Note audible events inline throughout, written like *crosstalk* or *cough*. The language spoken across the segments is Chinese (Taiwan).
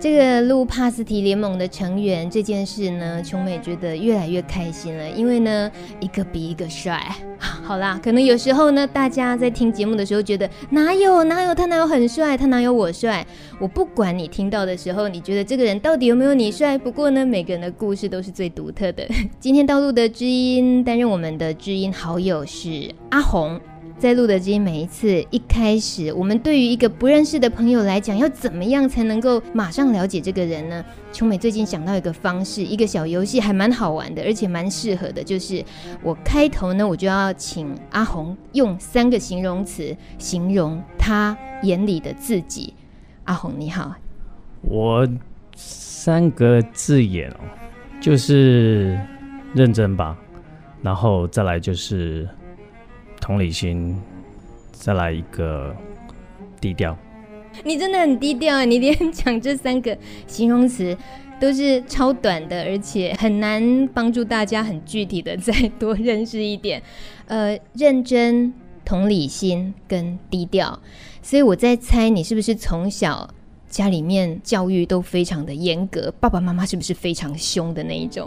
這個路帕斯提聯盟的成員這件事呢，瓊美覺得越來越開心了，因為呢，一個比一個帥。好啦，可能有時候呢，大家在聽節目的時候覺得哪有哪有，他哪有很帥，他哪有我帥。我不管你聽到的時候你覺得這個人到底有沒有你帥，不過呢，每個人的故事都是最獨特的。今天露德的知音擔任我們的知音好友是阿弘。在露德機，每一次一開始，我們對於一個不認識的朋友來講，要怎麼樣才能夠馬上了解這個人呢？瓊美最近想到一個方式，一個小遊戲，還蠻好玩的，而且蠻適合的，就是我開頭呢，我就要請阿弘用三個形容詞形容他眼裡的自己。阿弘你好，我三個字眼哦，就是認真吧，然後再來就是。同理心，再來一個低調。你真的很低調啊！你連講這三個形容詞都是超短的，而且很難幫助大家很具體的再多認識一點。呃，認真、同理心跟低調。所以我在猜，你是不是從小家裡面教育都非常的嚴格？爸爸媽媽是不是非常兇的那一種？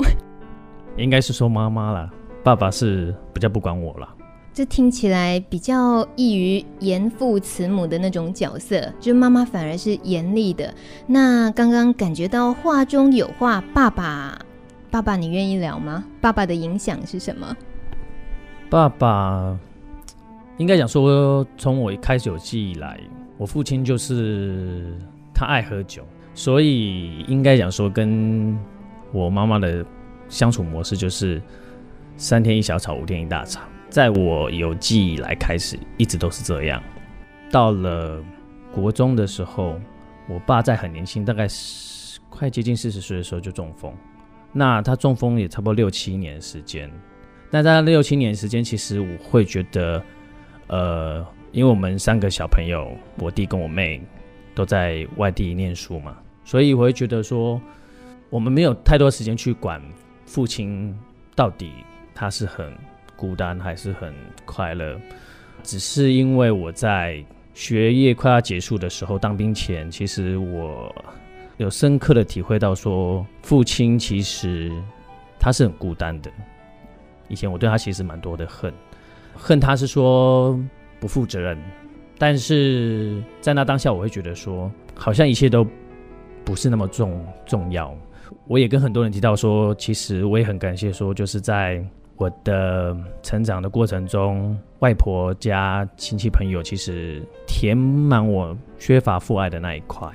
應該是說媽媽啦，爸爸是比較不管我啦。這聽起來比較異於嚴父慈母的那種角色，就媽媽反而是嚴厲的。那剛剛感覺到話中有話，爸爸、爸爸，你願意聊嗎？爸爸的影響是什麼？爸爸應該講說，從我一開始有記憶以來，我父親就是他愛喝酒，所以應該講說，跟我媽媽的相處模式就是三天一小吵，五天一大吵。在我有記憶來開始，一直都是這樣。到了國中的時候，我爸在很年輕，大概快接近四十歲的時候就中風。那他中風也差不多六七年時間。那在六七年時間，其實我會覺得，呃，因為我們三個小朋友，我弟跟我妹都在外地念書嘛，所以我會覺得說，我們沒有太多時間去管父親到底他是很孤單還是很快樂，只是因為我在學業快要結束的時候，當兵前，其實我有深刻的體會到，說父親其實他是很孤單的。以前我對他其實蠻多的恨，恨他是說不負責任，但是在那當下，我會覺得說好像一切都不是那麼重重要。我也跟很多人提到說，其實我也很感謝說，就是在。我的成長的過程中，外婆家親戚朋友其實填滿我缺乏父愛的那一塊。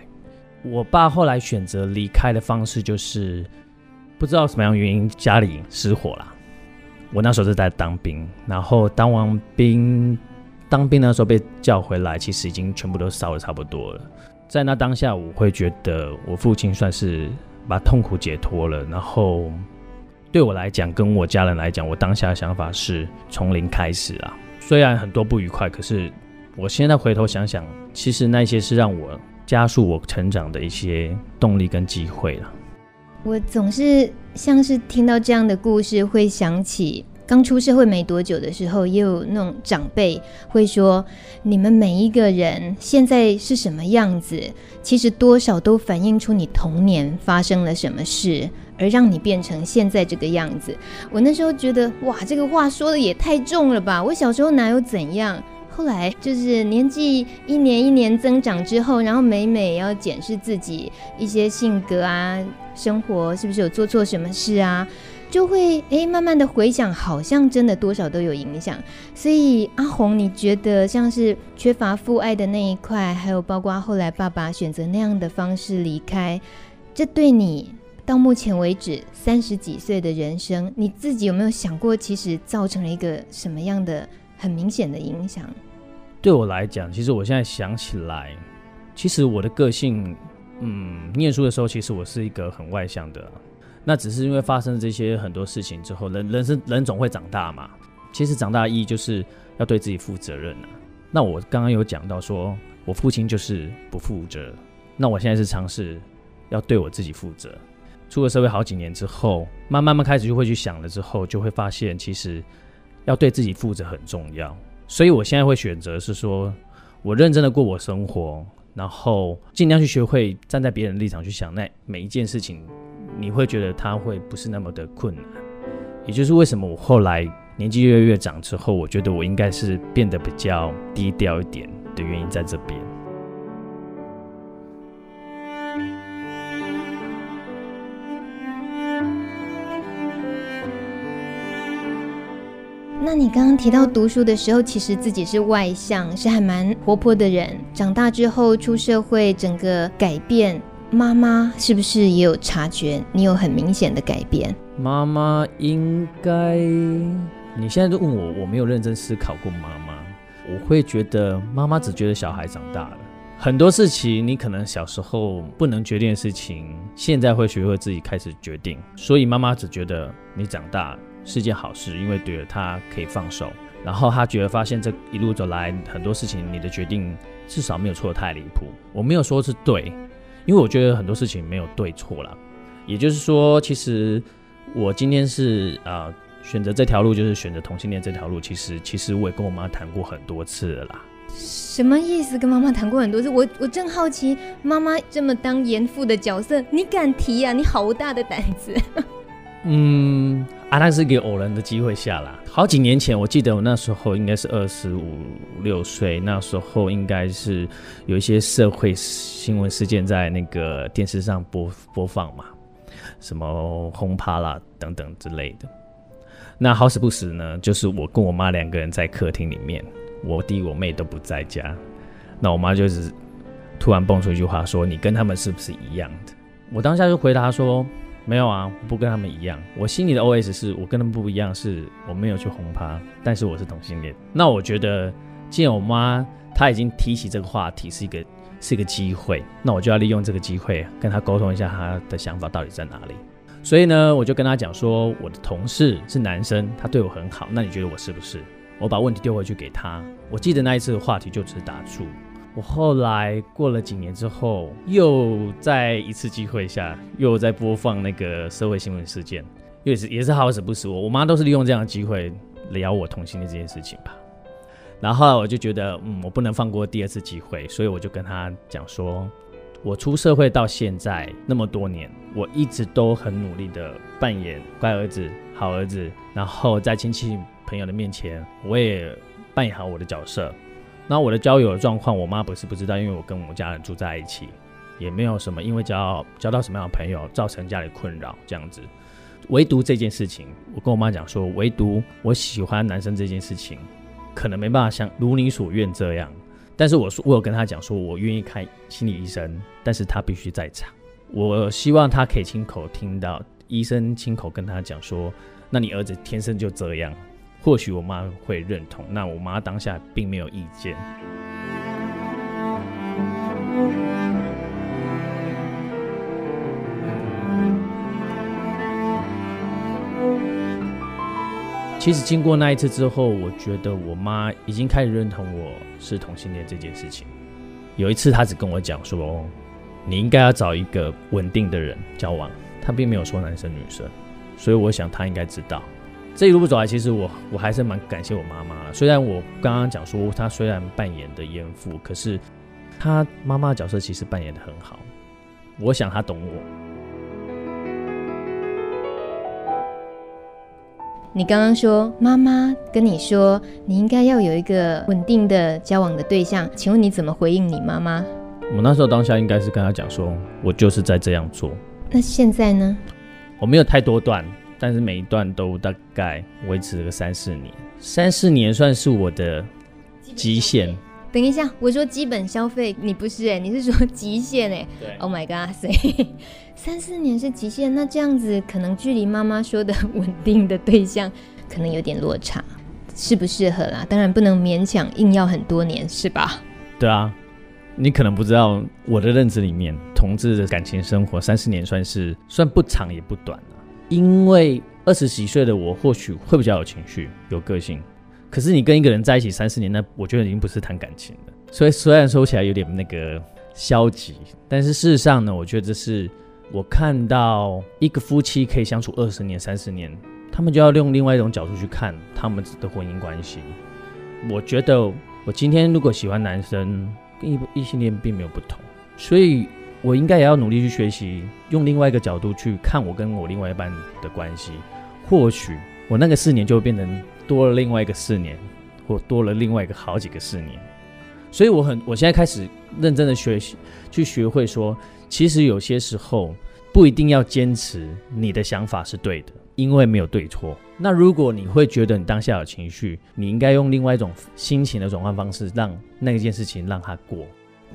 我爸後來選擇離開的方式就是，不知道什麼樣的原因，家裡失火了。我那時候是在當兵，然後當完兵，當兵的時候被叫回來，其實已經全部都燒得差不多了。在那當下，我會覺得我父親算是把痛苦解脫了，然後。對我來講，跟我家人來講，我當下的想法是從零開始啊。雖然很多不愉快，可是我現在回頭想想，其實那些是讓我加速我成長的一些動力跟機會了。我總是像是聽到這樣的故事，會想起剛出社會沒多久的時候，也有那種長輩會說：“你們每一個人現在是什麼樣子，其實多少都反映出你童年發生了什麼事。”而讓你變成現在這個樣子。我那時候覺得，哇，這個話說得也太重了吧！我小時候哪有怎樣？後來就是年紀一年一年增長之後，然後每每要檢視自己一些性格啊、生活是不是有做錯什麼事啊，就會哎慢慢的回想，好像真的多少都有影響。所以阿弘，你覺得像是缺乏父愛的那一塊，還有包括後來爸爸選擇那樣的方式離開，這對你？到目前為止，三十幾歲的人生，你自己有沒有想過，其實造成了一個什麼樣的很明顯的影響？對我來講，其實我現在想起來，其實我的個性，嗯，念書的時候，其實我是一個很外向的啊。那只是因為發生這些很多事情之後，人人生人總會長大嘛。其實長大意義就是要對自己負責任啊。那我剛剛有講到說我父親就是不負責，那我現在是嘗試要對我自己負責。出了社會好幾年之後，慢慢慢開始就會去想了，之後就會發現，其實要對自己負責很重要。所以我現在會選擇是說，我認真的過我生活，然後盡量去學會站在別人的立場去想，那每一件事情，你會覺得他會不是那麼的困難。也就是為什麼我後來年紀越來越長之後，我覺得我應該是變得比較低調一點的原因在這邊。那你剛剛提到讀書的時候，其實自己是外向，是還蠻活潑的人。長大之後出社會，整個改變，媽媽是不是也有察覺？你有很明顯的改變？媽媽應該，你現在就問我，我沒有認真思考過媽媽。我會覺得媽媽只覺得小孩長大了，很多事情你可能小時候不能決定的事情，現在會學會自己開始決定，所以媽媽只覺得你長大了。是件好事，因為覺得他可以放手，然後他覺得發現這一路走來很多事情，你的決定至少沒有錯得太離譜。我沒有說是對，因為我覺得很多事情沒有對錯了。也就是說，其實我今天是啊、呃、選擇這條路，就是選擇同性戀這條路。其實，其實我也跟我媽談過很多次了啦。什麼意思？跟媽媽談過很多次？我我正好奇，媽媽這麼當嚴父的角色，你敢提啊？你好大的膽子！ *laughs* 嗯，啊，那是一個偶然的機會下啦。好幾年前，我記得我那時候應該是二十五六歲，那時候應該是有一些社會新聞事件在那個電視上播播放嘛，什麼轟趴啦等等之類的。那好死不死呢，就是我跟我媽兩個人在客廳裡面，我弟我妹都不在家，那我媽就是突然蹦出一句話說：“你跟他們是不是一樣的？”我當下就回答說。沒有啊，不跟他們一樣。我心裡的 OS 是我跟他們不一樣是，是我沒有去轟趴，但是我是同性戀。那我覺得，既然我媽她已經提起這個話題，是一個是一個機會，那我就要利用這個機會跟她溝通一下她的想法到底在哪裡。所以呢，我就跟她講說，我的同事是男生，他對我很好，那你覺得我是不是？我把問題丟回去給他。我記得那一次的話題就只是打住。我後來過了幾年之後，又在一次機會下，又在播放那個社會新聞事件，又是也是好死不死我、我我媽都是利用這樣的機會聊我同性戀這件事情吧。然後，後來我就覺得，嗯，我不能放過第二次機會，所以我就跟她講說，我出社會到現在那麼多年，我一直都很努力的扮演乖兒子、好兒子，然後在親戚朋友的面前，我也扮演好我的角色。那我的交友的狀況，我媽不是不知道，因為我跟我家人住在一起，也沒有什麼因為交交到什麼樣的朋友造成家裡困擾這樣子。唯獨這件事情，我跟我媽講說，唯獨我喜歡男生這件事情，可能沒辦法像如你所願這樣。但是我說，我有跟她講說，我願意看心理醫生，但是他必須在場。我希望他可以親口聽到醫生親口跟他講說，那你兒子天生就這樣。或許我媽會認同，那我媽當下並沒有意見。其實經過那一次之後，我覺得我媽已經開始認同我是同性戀這件事情。有一次，她只跟我講說：“哦，你應該要找一個穩定的人交往。”她並沒有說男生女生，所以我想她應該知道。這一路走來，其實我我還是蠻感謝我媽媽的，雖然我剛剛講說，她雖然扮演的嚴父，可是她媽媽的角色其實扮演得很好。我想她懂我。你剛剛說媽媽跟你說你應該要有一個穩定的交往的對象，請問你怎麼回應你媽媽？我那時候當下應該是跟她講說，我就是在這樣做。那現在呢？我沒有太多段。但是每一段都大概維持了個三四年，三四年算是我的極限。等一下，我說基本消費，你不是哎、欸，你是說極限哎、欸？對。Oh my god！所以三四年是極限，那這樣子可能距離媽媽說的穩定的對象可能有點落差，適不適合啦？當然不能勉強硬要很多年，是吧？對啊，你可能不知道，我的認知裡面，同志的感情生活三四年算是算不長也不短了。因為二十幾歲的我，或許會比較有情緒、有個性。可是你跟一個人在一起三十年，那我覺得已經不是談感情了。所以雖然說起來有點那個消極，但是事實上呢，我覺得這是我看到一個夫妻可以相處二十年、三十年，他們就要用另外一種角度去看他們的婚姻關係。我覺得我今天如果喜歡男生，跟一個異性戀並沒有不同。所以。我應該也要努力去學習，用另外一個角度去看我跟我另外一半的關係。或許我那個四年就會變成多了另外一個四年，或多了另外一個好幾個四年。所以我很，我現在開始認真的學習，去學會說，其實有些時候不一定要堅持你的想法是對的，因為沒有對錯。那如果你會覺得你當下有情緒，你應該用另外一種心情的轉換方式讓，讓那一件事情讓它過。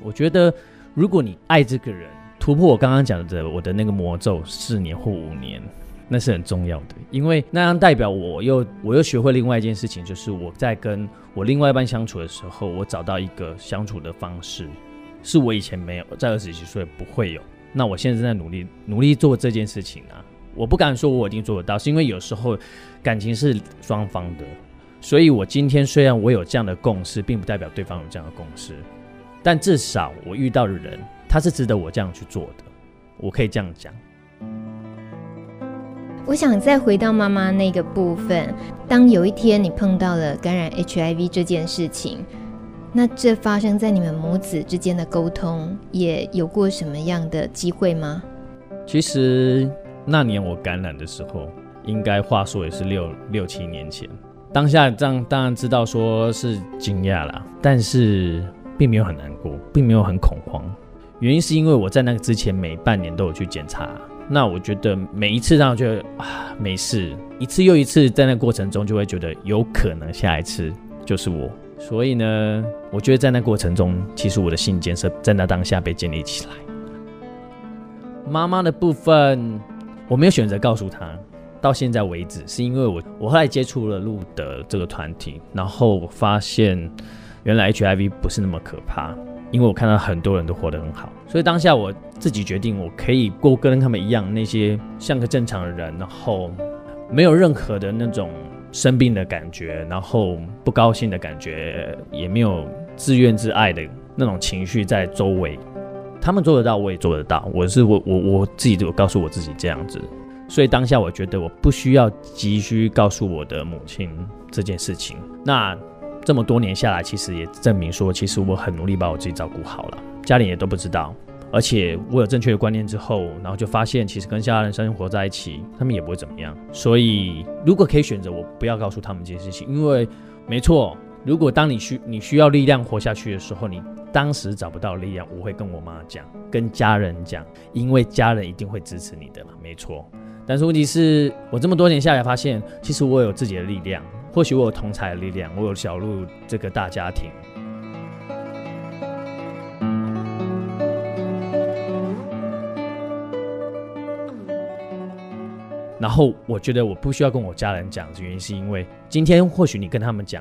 我覺得。如果你愛這個人，突破我剛剛講的我的那個魔咒，四年或五年，那是很重要的，因為那樣代表我又我又學會另外一件事情，就是我在跟我另外一半相處的時候，我找到一個相處的方式，是我以前沒有，在二十幾歲不會有。那我現在正在努力努力做這件事情啊，我不敢說我一定做得到，是因為有時候感情是雙方的，所以我今天雖然我有這樣的共識，並不代表對方有這樣的共識。但至少我遇到的人，他是值得我這樣去做的，我可以這樣講。我想再回到媽媽那個部分，當有一天你碰到了感染 HIV 這件事情，那這發生在你們母子之間的溝通，也有過什麼樣的機會嗎？其實那年我感染的時候，應該話說也是六六七年前，當下當然知道說是驚訝啦，但是。並沒有很難過，並沒有很恐慌，原因是因為我在那個之前每半年都有去檢查，那我覺得每一次讓我覺得啊，沒事，一次又一次在那個過程中就會覺得有可能下一次就是我，所以呢，我覺得在那個過程中，其實我的信念是在那當下被建立起來。媽媽的部分我沒有選擇告訴她，到現在為止是因為我我後來接觸了露德這個團體，然後我發現。原來 HIV 不是那麼可怕，因為我看到很多人都活得很好，所以當下我自己決定，我可以過跟他們一樣，那些像個正常的人，然後沒有任何的那種生病的感覺，然後不高興的感覺，也沒有自怨自艾的那種情緒在周圍，他們做得到，我也做得到。我是我我我自己就告訴我自己這樣子，所以當下我覺得我不需要急需告訴我的母親這件事情，那。這麼多年下來，其實也證明說，其實我很努力把我自己照顧好了，家裡也都不知道。而且我有正確的觀念之後，然後就發現，其實跟家人生活在一起，他們也不會怎麼樣。所以，如果可以選擇，我不要告訴他們這些事情，因為沒錯。如果當你需你需要力量活下去的時候，你當時找不到力量，我會跟我媽講，跟家人講，因為家人一定會支持你的嘛，沒錯。但是問題是我這麼多年下來發現，其實我有自己的力量。或許我有同儕的力量，我有小鹿這個大家庭。然後我覺得我不需要跟我家人講的，原因是因為今天或許你跟他們講，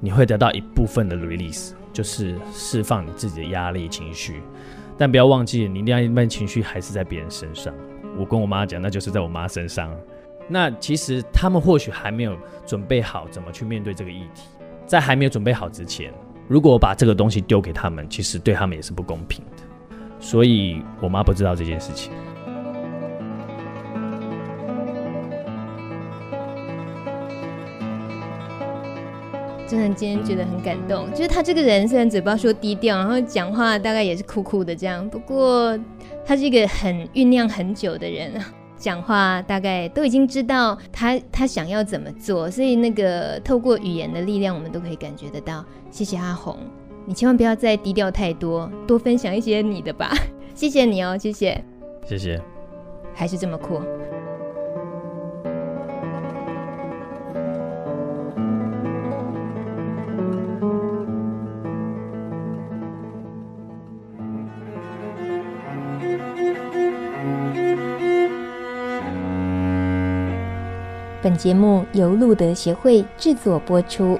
你會得到一部分的 release，就是釋放你自己的壓力情緒，但不要忘記，你另外一半情緒還是在別人身上。我跟我媽講，那就是在我媽身上。那其實他們或許還沒有準備好怎麼去面對這個議題，在還沒有準備好之前，如果我把這個東西丟給他們，其實對他們也是不公平的。所以我媽不知道這件事情。真的，今天覺得很感動，就是他這個人雖然嘴巴說低調，然後講話大概也是酷酷的這樣，不過他是一個很醞釀很久的人。講話大概都已經知道他他想要怎麼做，所以那個透過語言的力量，我們都可以感覺得到。謝謝阿弘，你千萬不要再低調太多，多分享一些你的吧。 *laughs* 謝謝你哦，謝謝，謝謝，還是這麼酷。本節目由露德協會製作播出。